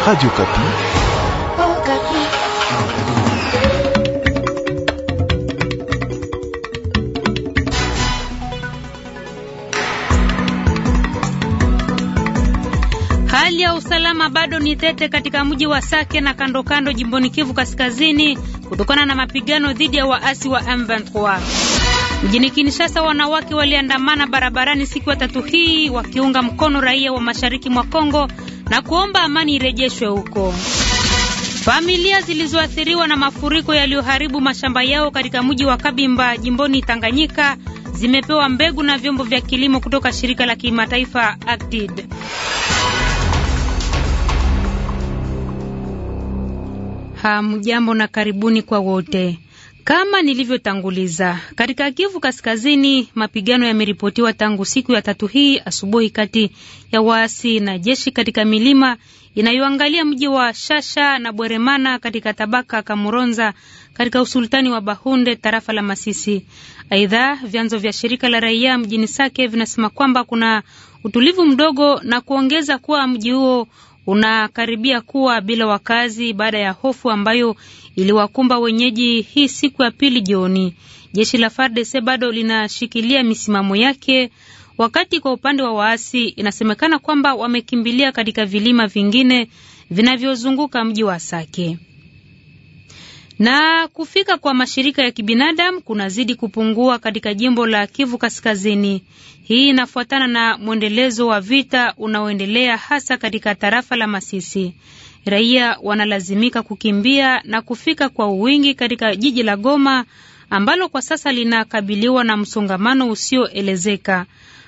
Radio Okapi. Hali ya usalama bado ni tete katika mji wa Sake na kando kando jimboni Kivu Kaskazini kutokana na mapigano dhidi ya waasi wa M23. Mjini Kinshasa wanawake waliandamana barabarani siku ya tatu hii wakiunga mkono raia wa mashariki mwa Kongo na kuomba amani irejeshwe huko. Familia zilizoathiriwa na mafuriko yaliyoharibu mashamba yao katika mji wa Kabimba jimboni Tanganyika zimepewa mbegu na vyombo vya kilimo kutoka shirika la kimataifa ACTID. Hamjambo na karibuni kwa wote. Kama nilivyotanguliza katika Kivu Kaskazini, mapigano yameripotiwa tangu siku ya tatu hii asubuhi kati ya waasi na jeshi katika milima inayoangalia mji wa Shasha na Bweremana katika tabaka Kamuronza katika usultani wa Bahunde, tarafa la Masisi. Aidha, vyanzo vya shirika la raia mjini Sake vinasema kwamba kuna utulivu mdogo na kuongeza kuwa mji huo unakaribia kuwa bila wakazi baada ya hofu ambayo iliwakumba wenyeji hii siku ya pili jioni. Jeshi la FARDC bado linashikilia misimamo yake, wakati kwa upande wa waasi inasemekana kwamba wamekimbilia katika vilima vingine vinavyozunguka mji wa Sake na kufika kwa mashirika ya kibinadamu kunazidi kupungua katika jimbo la Kivu Kaskazini. Hii inafuatana na mwendelezo wa vita unaoendelea hasa katika tarafa la Masisi. Raia wanalazimika kukimbia na kufika kwa wingi katika jiji la Goma ambalo kwa sasa linakabiliwa na msongamano usioelezeka.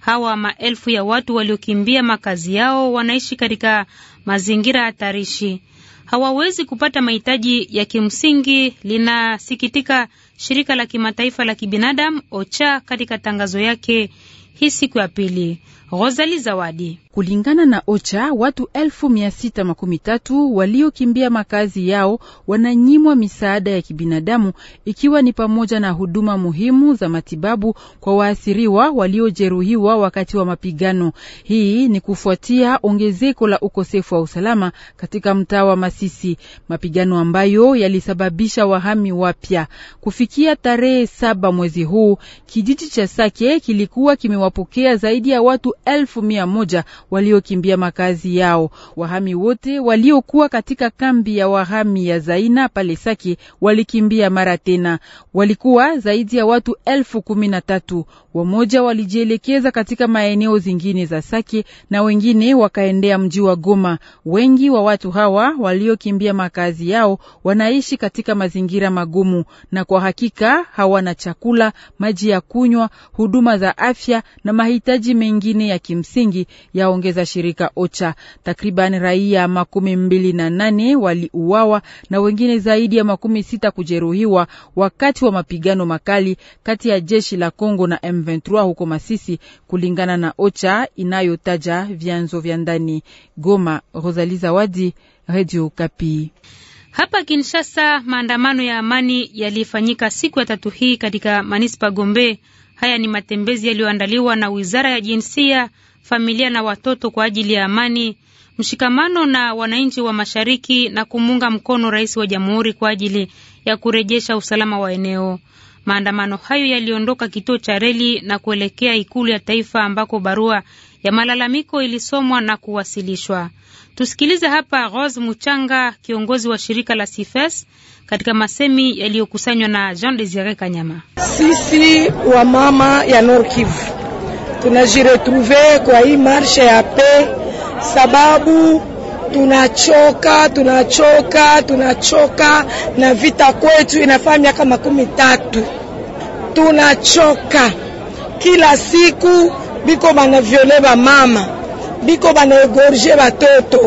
Hawa maelfu ya watu waliokimbia makazi yao wanaishi katika mazingira hatarishi hawawezi kupata mahitaji ya kimsingi, linasikitika shirika la kimataifa la kibinadamu OCHA katika tangazo yake hii siku ya pili. Rosali Zawadi. Kulingana na OCHA, watu elfu mia sita makumi tatu waliokimbia makazi yao wananyimwa misaada ya kibinadamu ikiwa ni pamoja na huduma muhimu za matibabu kwa waathiriwa waliojeruhiwa wakati wa mapigano. Hii ni kufuatia ongezeko la ukosefu wa usalama katika mtaa wa Masisi, mapigano ambayo yalisababisha wahami wapya. Kufikia tarehe saba mwezi huu, kijiji cha Sake kilikuwa kimewapokea zaidi ya watu elfu mia moja waliokimbia makazi yao. Wahami wote waliokuwa katika kambi ya wahami ya Zaina pale Sake walikimbia mara tena. Walikuwa zaidi ya watu elfu kumi na tatu. Wamoja walijielekeza katika maeneo zingine za Sake na wengine wakaendea mji wa Goma. Wengi wa watu hawa waliokimbia makazi yao wanaishi katika mazingira magumu, na kwa hakika hawana chakula, maji ya kunywa, huduma za afya na mahitaji mengine manne ya kimsingi yaongeza shirika OCHA. Takriban raia makumi mbili na nane waliuawa na wengine zaidi ya makumi sita kujeruhiwa wakati wa mapigano makali kati ya jeshi la congo na M23 huko Masisi, kulingana na OCHA inayotaja vyanzo vya ndani. Goma, Rosali Zawadi, Radio Kapi. Hapa Kinshasa, maandamano ya amani yalifanyika siku ya tatu hii katika manispa Gombe. Haya ni matembezi yaliyoandaliwa na Wizara ya Jinsia, Familia na Watoto kwa ajili ya amani, mshikamano na wananchi wa Mashariki na kumuunga mkono rais wa Jamhuri kwa ajili ya kurejesha usalama wa eneo. Maandamano hayo yaliondoka kituo cha reli na kuelekea ikulu ya taifa ambako barua ya malalamiko ilisomwa na kuwasilishwa. Tusikilize hapa Rose Muchanga, kiongozi wa shirika la cifes katika masemi yaliyokusanywa na Jean Desire Kanyama. Sisi wa mama ya Nord Kivu tunajiretrouve kwa hii marshe ya pe, sababu tunachoka tunachoka tunachoka na vita kwetu, inafaa miaka makumi tatu tunachoka kila siku biko banavioler bamama biko banaegorge batoto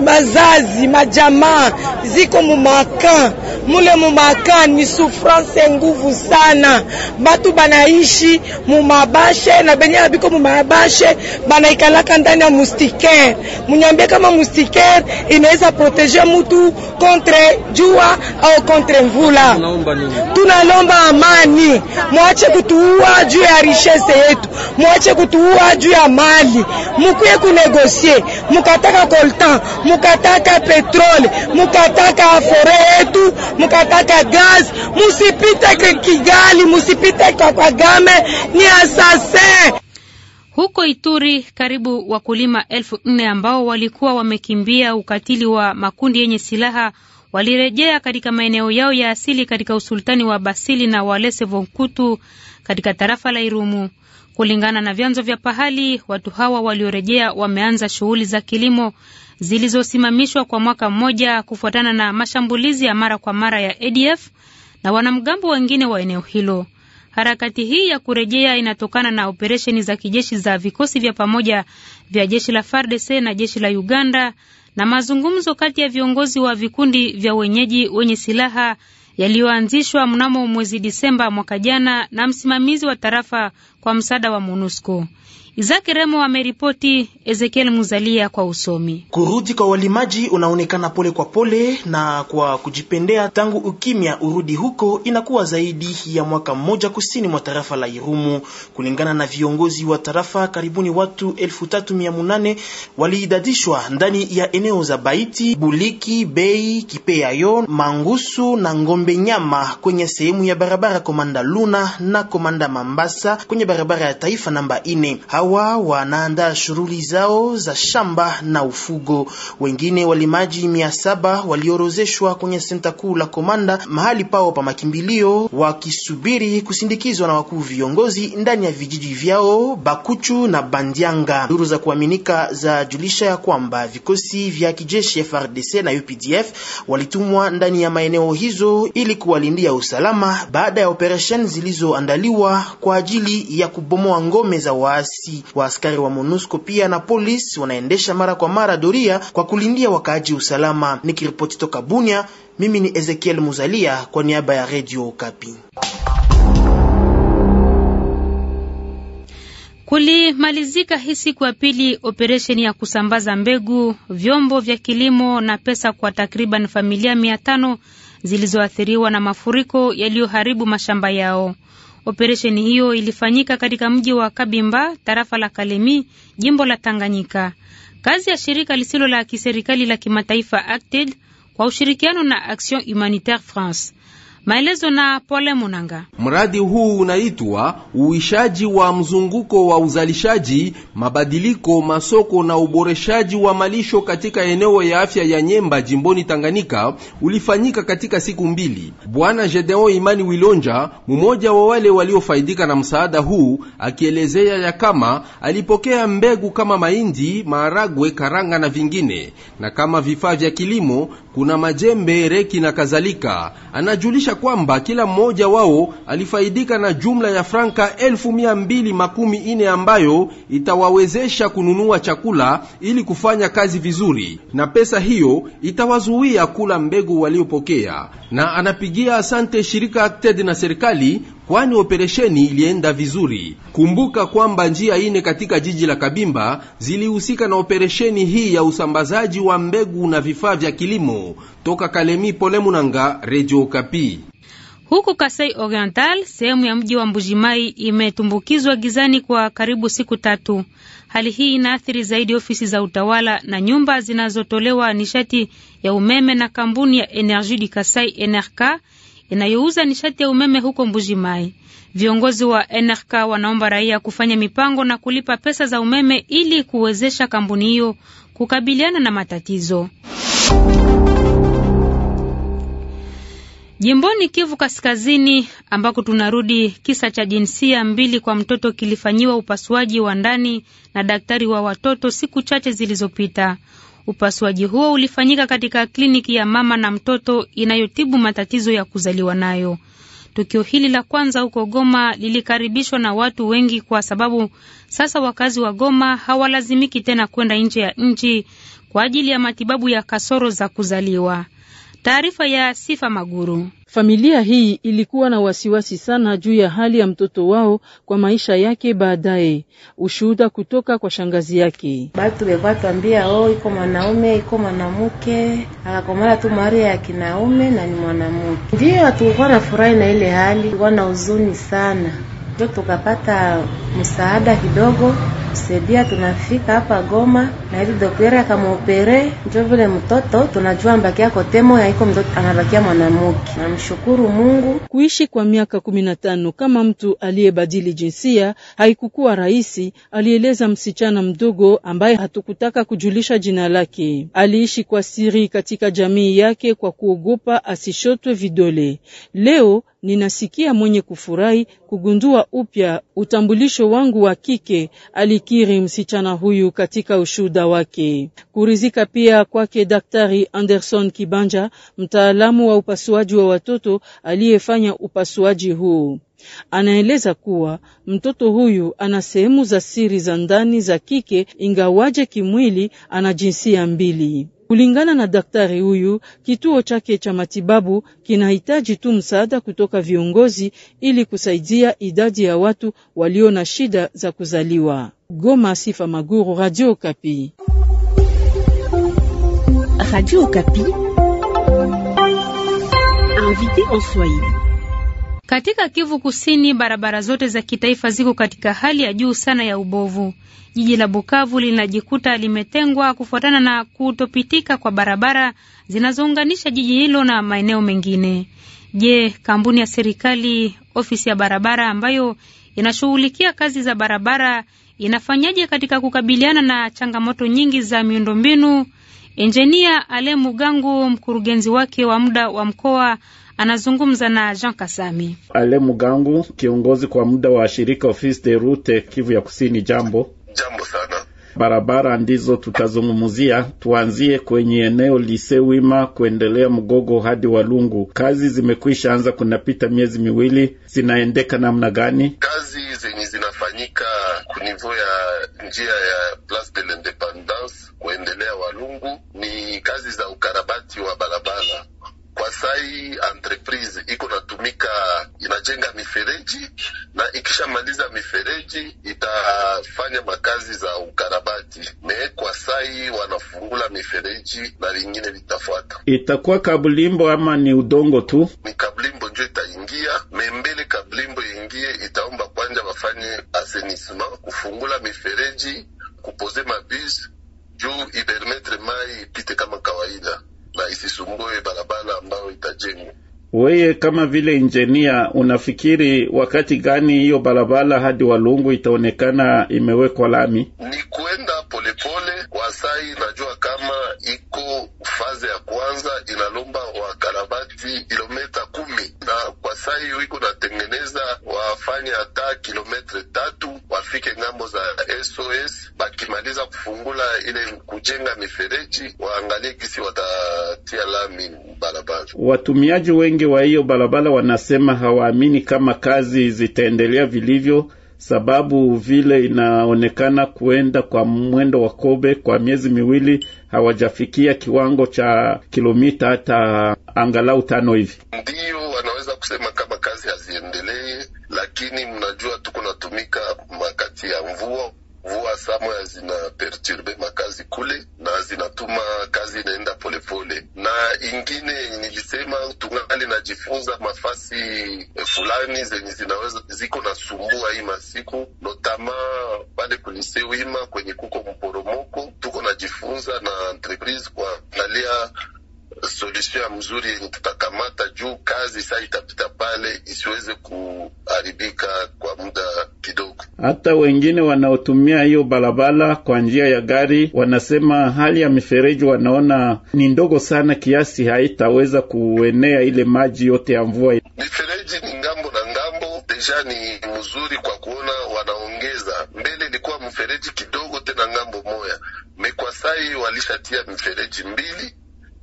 bazazi majamaa ziko mumaka mule mumaka, ni souffrance nguvu sana. Batu banaishi mumabashe na benye abiko mumabashe banaikalaka ndani ya mustikaire. Munyambie kama mustikaire inaweza proteger mutu contre jua au contre mvula. Tunalomba amani, mwache kutuua juu ya richesse yetu, mwache kutuua juu ya mali, mukuye kunegosie mukataka coltan mukataka petroli, mukataka afore yetu, mukataka gaz, musipite Kigali, musipite kwa Kagame, ni asase huko Ituri karibu wakulima elfu nne ambao walikuwa wamekimbia ukatili wa makundi yenye silaha walirejea katika maeneo yao ya asili katika usultani wa Basili na Walese Vonkutu katika tarafa la Irumu. Kulingana na vyanzo vya pahali, watu hawa waliorejea wameanza shughuli za kilimo zilizosimamishwa kwa mwaka mmoja kufuatana na mashambulizi ya mara kwa mara ya ADF na wanamgambo wengine wa eneo hilo. Harakati hii ya kurejea inatokana na operesheni za kijeshi za vikosi vya pamoja vya jeshi la FARDC na jeshi la Uganda na mazungumzo kati ya viongozi wa vikundi vya wenyeji wenye silaha yaliyoanzishwa mnamo mwezi Disemba mwaka jana na msimamizi wa tarafa kwa msaada wa MONUSCO. Izaki Remo ameripoti, Ezekiel Muzalia kwa usomi. Kurudi kwa walimaji unaonekana pole kwa pole na kwa kujipendea tangu ukimya urudi huko inakuwa zaidi ya mwaka mmoja kusini mwa tarafa la Irumu. Kulingana na viongozi wa tarafa, karibuni watu elfu tatu mia waliidadishwa ndani ya eneo za Baiti, Buliki, Bei, Kipeayo, Mangusu na Ngombe Nyama kwenye sehemu ya barabara Komanda Luna na Komanda Mambasa kwenye barabara ya taifa namba ine. Hawa hawa wanaandaa shughuli zao za shamba na ufugo. Wengine walimaji mia saba waliorozeshwa kwenye senta kuu la Komanda mahali pao pa makimbilio, wakisubiri kusindikizwa na wakuu viongozi ndani ya vijiji vyao Bakuchu na Bandianga. Duru za kuaminika za julisha ya kwamba vikosi vya kijeshi FRDC na UPDF walitumwa ndani ya maeneo hizo ili kuwalindia usalama baada ya operesheni zilizoandaliwa kwa ajili ya kubomoa ngome za waasi polisi. Waaskari wa MONUSCO pia na polisi wanaendesha mara kwa mara doria kwa kulindia wakaaji usalama. Nikiripoti toka Bunia, mimi ni Ezekiel Muzalia kwa niaba ya Radio Okapi. Kulimalizika hii siku ya pili operesheni ya kusambaza mbegu, vyombo vya kilimo na pesa kwa takriban familia mia tano zilizoathiriwa na mafuriko yaliyoharibu mashamba yao. Operesheni hiyo ilifanyika katika mji wa Kabimba, tarafa la Kalemi, jimbo la Tanganyika. Kazi ya shirika lisilo la kiserikali la kimataifa Acted kwa ushirikiano na Action Humanitaire France Maelezo na Pole Munanga. Mradi huu unaitwa uishaji wa mzunguko wa uzalishaji, mabadiliko, masoko na uboreshaji wa malisho katika eneo ya afya ya Nyemba jimboni Tanganyika ulifanyika katika siku mbili. Bwana Gedeon Imani Wilonja, mmoja wa wale waliofaidika na msaada huu, akielezea ya kama alipokea mbegu kama mahindi, maharagwe, karanga na vingine, na kama vifaa vya kilimo kuna majembe, reki na kadhalika. Anajulisha inaonyesha kwamba kila mmoja wao alifaidika na jumla ya franka elfu mia mbili makumi ine ambayo itawawezesha kununua chakula ili kufanya kazi vizuri, na pesa hiyo itawazuia kula mbegu waliopokea. Na anapigia asante shirika TED na serikali kwani operesheni ilienda vizuri. Kumbuka kwamba njia ine katika jiji la Kabimba zilihusika na operesheni hii ya usambazaji wa mbegu na vifaa vya kilimo. Toka Kalemi, Pole Munanga, Radio Kapi. Huko Kasai Oriental, sehemu ya mji wa Mbujimai imetumbukizwa gizani kwa karibu siku tatu. Hali hii inaathiri zaidi ofisi za utawala na nyumba zinazotolewa nishati ya umeme na kampuni ya Energie du Kasai Enerka, inayouza nishati ya umeme huko Mbuji Mai. Viongozi wa NRK wanaomba raia kufanya mipango na kulipa pesa za umeme ili kuwezesha kampuni hiyo kukabiliana na matatizo. Jimboni Kivu Kaskazini ambako tunarudi, kisa cha jinsia mbili kwa mtoto kilifanyiwa upasuaji wa ndani na daktari wa watoto siku chache zilizopita. Upasuaji huo ulifanyika katika kliniki ya mama na mtoto inayotibu matatizo ya kuzaliwa nayo. Tukio hili la kwanza huko Goma lilikaribishwa na watu wengi kwa sababu sasa wakazi wa Goma hawalazimiki tena kwenda nje ya nchi kwa ajili ya matibabu ya kasoro za kuzaliwa. Taarifa ya Sifa Maguru. Familia hii ilikuwa na wasiwasi sana juu ya hali ya mtoto wao kwa maisha yake baadaye. Ushuhuda kutoka kwa shangazi yake: batu bekwa twambia oh, iko mwanaume iko mwanamke, akakomala tu maria ya kinaume na ni mwanamke. Ndiyo hatukukuwa na furahi na ile hali, tulikuwa na huzuni sana, ndio tukapata msaada kidogo kusaidia, tunafika hapa Goma na ili daktari akamuopere, njo vile mtoto tunajua mbakia kotemo yaiko mtoto anabakia mwanamuke. Namshukuru Mungu. Kuishi kwa miaka kumi na tano kama mtu aliyebadili jinsia haikukuwa rahisi, alieleza msichana mdogo ambaye hatukutaka kujulisha jina lake. Aliishi kwa siri katika jamii yake kwa kuogopa asishotwe vidole. Leo ninasikia mwenye kufurahi kugundua upya utambulisho wangu wa kike, alikiri msichana huyu katika ushuda muda wake. Kurizika pia kwake Daktari Anderson Kibanja, mtaalamu wa upasuaji wa watoto aliyefanya upasuaji huu. Anaeleza kuwa mtoto huyu ana sehemu za siri za ndani za kike, ingawaje kimwili ana jinsia mbili. Kulingana na daktari huyu, kituo chake cha matibabu kinahitaji tu msaada kutoka viongozi ili kusaidia idadi ya watu walio na shida za kuzaliwa. Goma, Sifa Maguru, Radio Kapi. Radio Kapi. Invité en Swahili. Katika Kivu Kusini, barabara zote za kitaifa ziko katika hali ya juu sana ya ubovu. Jiji la Bukavu linajikuta limetengwa kufuatana na kutopitika kwa barabara zinazounganisha jiji hilo na maeneo mengine. Je, kampuni ya serikali, ofisi ya barabara ambayo inashughulikia kazi za barabara inafanyaje katika kukabiliana na changamoto nyingi za miundombinu? Enjinia Ale Mugangu, mkurugenzi wake wa muda wa mkoa Anazungumza na Jean Kasami Ale Mugangu, kiongozi kwa muda wa shirika Office de Route Kivu ya Kusini. Jambo, jambo sana. Barabara ndizo tutazungumzia. Tuanzie kwenye eneo Lisewima kuendelea Mgogo hadi Walungu. Kazi zimekwisha anza, kunapita miezi miwili, zinaendeka namna gani? Kazi zenye zinafanyika kunivo ya njia ya Place de l'Independance kuendelea Walungu ni kazi za ukarabati wa barabara Masai entreprise iko natumika inajenga mifereji na ikishamaliza mifereji itafanya makazi za ukarabati. Me kwa sai wanafungula mifereji na lingine litafuata. Itakuwa kablimbo ama ni udongo tu? Ni kablimbo njo itaingia mbele Kablimbo ingie itaomba kwanja wafanye asenisma kufungula mifereji, kupoze mabuse juu ipermetre mai ipite kama kawaida na isisumbue barabara ambayo itajengwa. Weye kama vile injinia, unafikiri wakati gani hiyo barabara hadi Walungu itaonekana imewekwa lami? Ni kwenda polepole Wasai, najua kama iko faze ya kwanza inalomba wakarabati kilometa kumi na kwa sai iko na wafanye hata kilometre tatu wafike ngambo za SOS. Bakimaliza kufungula ile kujenga mifereji, waangalie kisi watatia lami barabara. Watumiaji wengi wa hiyo barabara wanasema hawaamini kama kazi zitaendelea vilivyo sababu vile inaonekana kuenda kwa mwendo wa kobe kwa miezi miwili, hawajafikia kiwango cha kilomita hata angalau tano hivi, ndiyo wanaweza kusema kama kazi haziendelee lakini mnajua tuko natumika makati ya mvua mvua zina zinaperturbe makazi kule na zinatuma kazi inaenda polepole. Na ingine nilisema, tungali najifunza mafasi fulani zenye zinaweza ziko na sumbua hii masiku notama pale kulise wima kwenye kuko mporomoko, tuko najifunza na entreprise kwa solution mzuri yenye tutakamata juu kazi saa itapita pale isiweze kuharibika kwa muda kidogo. Hata wengine wanaotumia hiyo barabara kwa njia ya gari wanasema hali ya mifereji wanaona ni ndogo sana, kiasi haitaweza kuenea ile maji yote ya mvua. Mifereji ni ngambo na ngambo, deja ni mzuri kwa kuona wanaongeza. Mbele ilikuwa mfereji kidogo, tena ngambo moya mekwasai walishatia mifereji mbili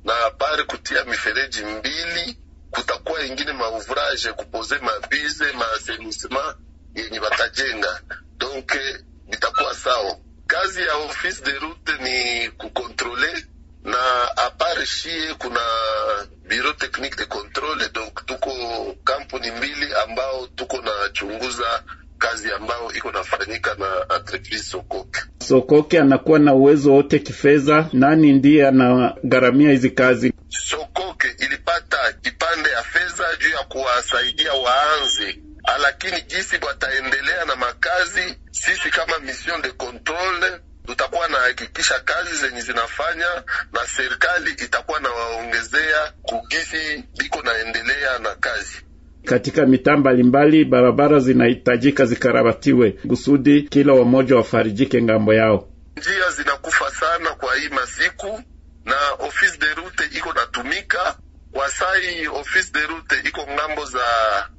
na habari kutia mifereji mbili, kutakuwa ingine mauvraje kupoze mabize maasenisma yenye batajenga, donc bitakuwa sawa. Kazi ya office de route ni kukontrole na apart shie kuna bureau technique de controle, donc tuko kampuni mbili ambao tuko na chunguza kazi ambayo iko nafanyika na Entreprise Sokoke. Sokoke anakuwa na uwezo wote kifedha. Nani ndiye anagharamia hizi kazi? Sokoke ilipata kipande ya fedha juu ya kuwasaidia waanze ah, lakini jinsi wataendelea na makazi, sisi kama mission de controle tutakuwa na hakikisha kazi zenye zinafanya na serikali itakuwa nawaongezea kugisi biko naendelea na kazi katika mitaa mbalimbali. Barabara zinahitajika zikarabatiwe kusudi kila wamoja wafarijike ngambo yao. Njia zinakufa sana kwa hii masiku, na office de route iko natumika Wasai. Office de route iko ngambo za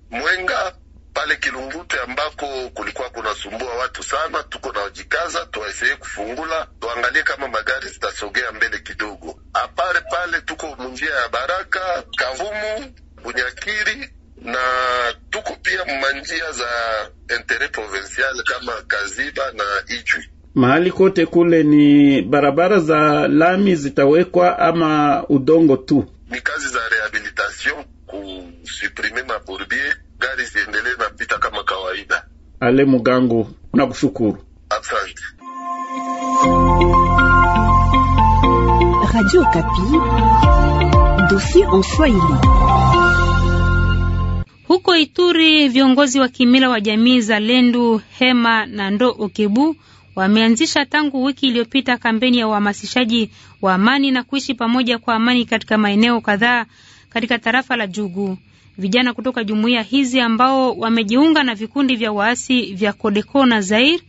Mwenga pale Kilungute ambako kulikuwa kunasumbua watu sana. Tuko na wajikaza tuwaeseye kufungula, tuangalie kama magari zitasogea mbele kidogo. Apare pale tuko munjia ya Baraka, Kavumu, Bunyakiri na tuko pia manjia za interet provincial kama Kaziba na Ijwi mahali kote kule ni barabara za lami zitawekwa ama udongo tu? Ni kazi za rehabilitation kusuprime maburbie gari ziendelee napita kama kawaida. Ale Mugangu, nakushukuru, asante. Radio Kapi, dossier en Swahili. Huko Ituri, viongozi wa kimila wa jamii za Lendu, Hema na Ndo Okebu wameanzisha tangu wiki iliyopita kampeni ya uhamasishaji wa amani na kuishi pamoja kwa amani katika maeneo kadhaa katika tarafa la Jugu. Vijana kutoka jumuiya hizi ambao wamejiunga na vikundi vya waasi vya Kodeko na Zair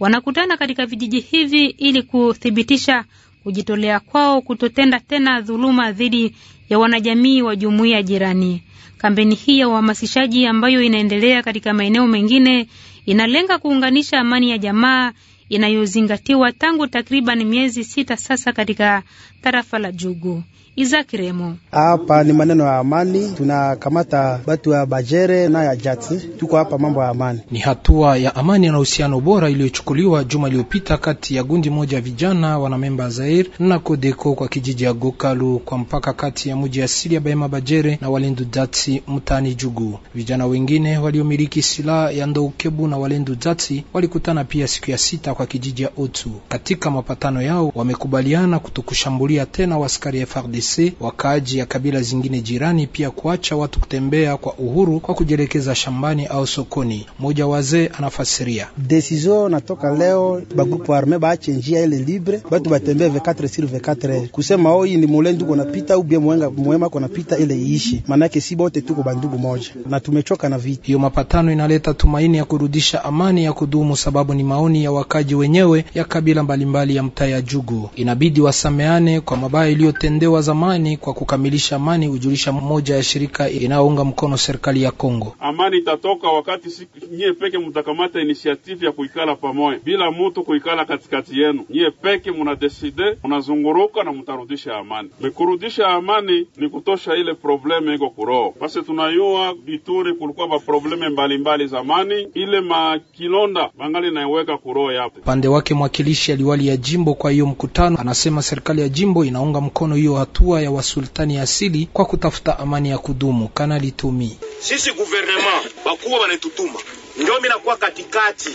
wanakutana katika vijiji hivi ili kuthibitisha kujitolea kwao kutotenda tena dhuluma dhidi ya wanajamii wa jumuiya jirani. Kampeni hii ya uhamasishaji ambayo inaendelea katika maeneo mengine inalenga kuunganisha amani ya jamaa inayozingatiwa tangu takriban miezi sita sasa katika tarafa la Jugu. Isaac Remo. Hapa ni maneno ya amani, tunakamata batu ya Bajere na ya Jati, tuko hapa mambo ya amani. Ni hatua ya amani na uhusiano bora iliyochukuliwa juma iliyopita kati ya gundi moja ya vijana wanamemba Zair na Kodeko kwa kijiji ya Gokalu kwa mpaka kati ya muji asili ya Bahema Bajere na Walendu Jati mtani Jugu. Vijana wengine waliomiliki silaha ya Ndoukebu na Walendu Jati walikutana pia siku ya sita kwa kijiji ya Otu. Katika mapatano yao wamekubaliana kutokushambulia tena waskari FARDC FARDC, wakaaji ya kabila zingine jirani, pia kuacha watu kutembea kwa uhuru kwa kujielekeza shambani au sokoni. Mmoja wazee anafasiria desizo natoka leo, bagrupu arme baache njia ile libre, batu batembee 24 sur 24, kusema oyi ni mulendu konapita ubie mwenga mwema konapita ile iishi, manake si bote tuko bandugu moja na tumechoka na vita hiyo. Mapatano inaleta tumaini ya kurudisha amani ya kudumu, sababu ni maoni ya wakaji wenyewe ya kabila mbalimbali mbali ya mtaa ya Jugu. Inabidi wasameane kwa mabaya iliyotendewa za amani kwa kukamilisha amani, hujulisha mmoja ya shirika inayounga mkono serikali ya Kongo. Amani itatoka wakati si nyie peke mutakamata inisiative ya kuikala pamoja, bila mutu kuikala katikati yenu. Nyie peke munadeside, munazunguruka na mutarudisha amani. Mikurudisha amani ni kutosha ile probleme iko kuroho basi Tunayua Ituri kulikuwa maprobleme mbalimbali zamani, ile makilonda bangali naiweka kuroho yapo pande wake. Mwakilishi aliwali ya jimbo kwa hiyo mkutano anasema serikali ya jimbo inaunga mkono hiyo hatua hatua ya wasultani asili kwa kutafuta amani ya kudumu. Kanali Tumi: sisi guvernema bakuwa wanetutuma ndio mimi nakuwa katikati,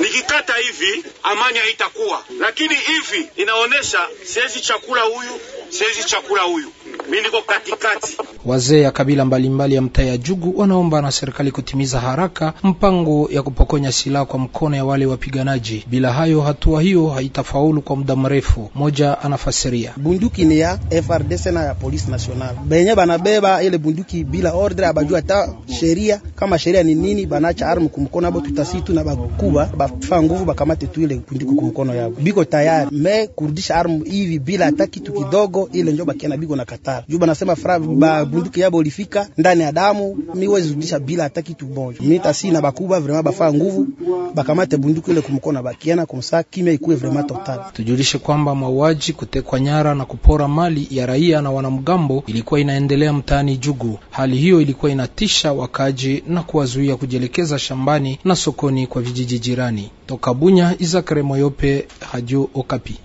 nikikata hivi amani haitakuwa, lakini hivi inaonesha siwezi chakula huyu, siwezi chakula huyu mi niko katikati. Wazee ya kabila mbalimbali ya mtaa ya Jugu wanaomba na serikali kutimiza haraka mpango ya kupokonya silaha kwa mkono ya wale wapiganaji. Bila hayo, hatua hiyo haitafaulu kwa muda mrefu. Moja anafasiria, bunduki ni ya FRDC na ya polisi nasional benye banabeba ile bunduki bila ordre, abajua hata sheria kama sheria ni nini, banacha armu kumkono abo, tutasitu na bakuba bafa nguvu bakamate tu ile bunduki kumkono yabo, biko tayari me kurudisha armu hivi bila hata kitu kidogo, ile njo bakiana biko na kata fara juu banasema fara ba bunduki yabo ulifika ndani ya damu, mi wezi rudisha bila hata kitu bonjo. Mi tasi na bakuba vraiment bafaa nguvu bakamate bunduki ile kumkona bakiana kumsa kimya ikue vraiment total. Tujulishe kwamba mauaji, kutekwa nyara na kupora mali ya raia na wanamgambo ilikuwa inaendelea mtaani Jugu. Hali hiyo ilikuwa inatisha wakaji na kuwazuia kujielekeza shambani na sokoni kwa vijiji jirani. Toka Bunya, Izakare Moyope, Radio Okapi.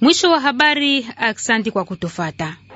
Mwisho wa habari. Aksanti kwa kutufata.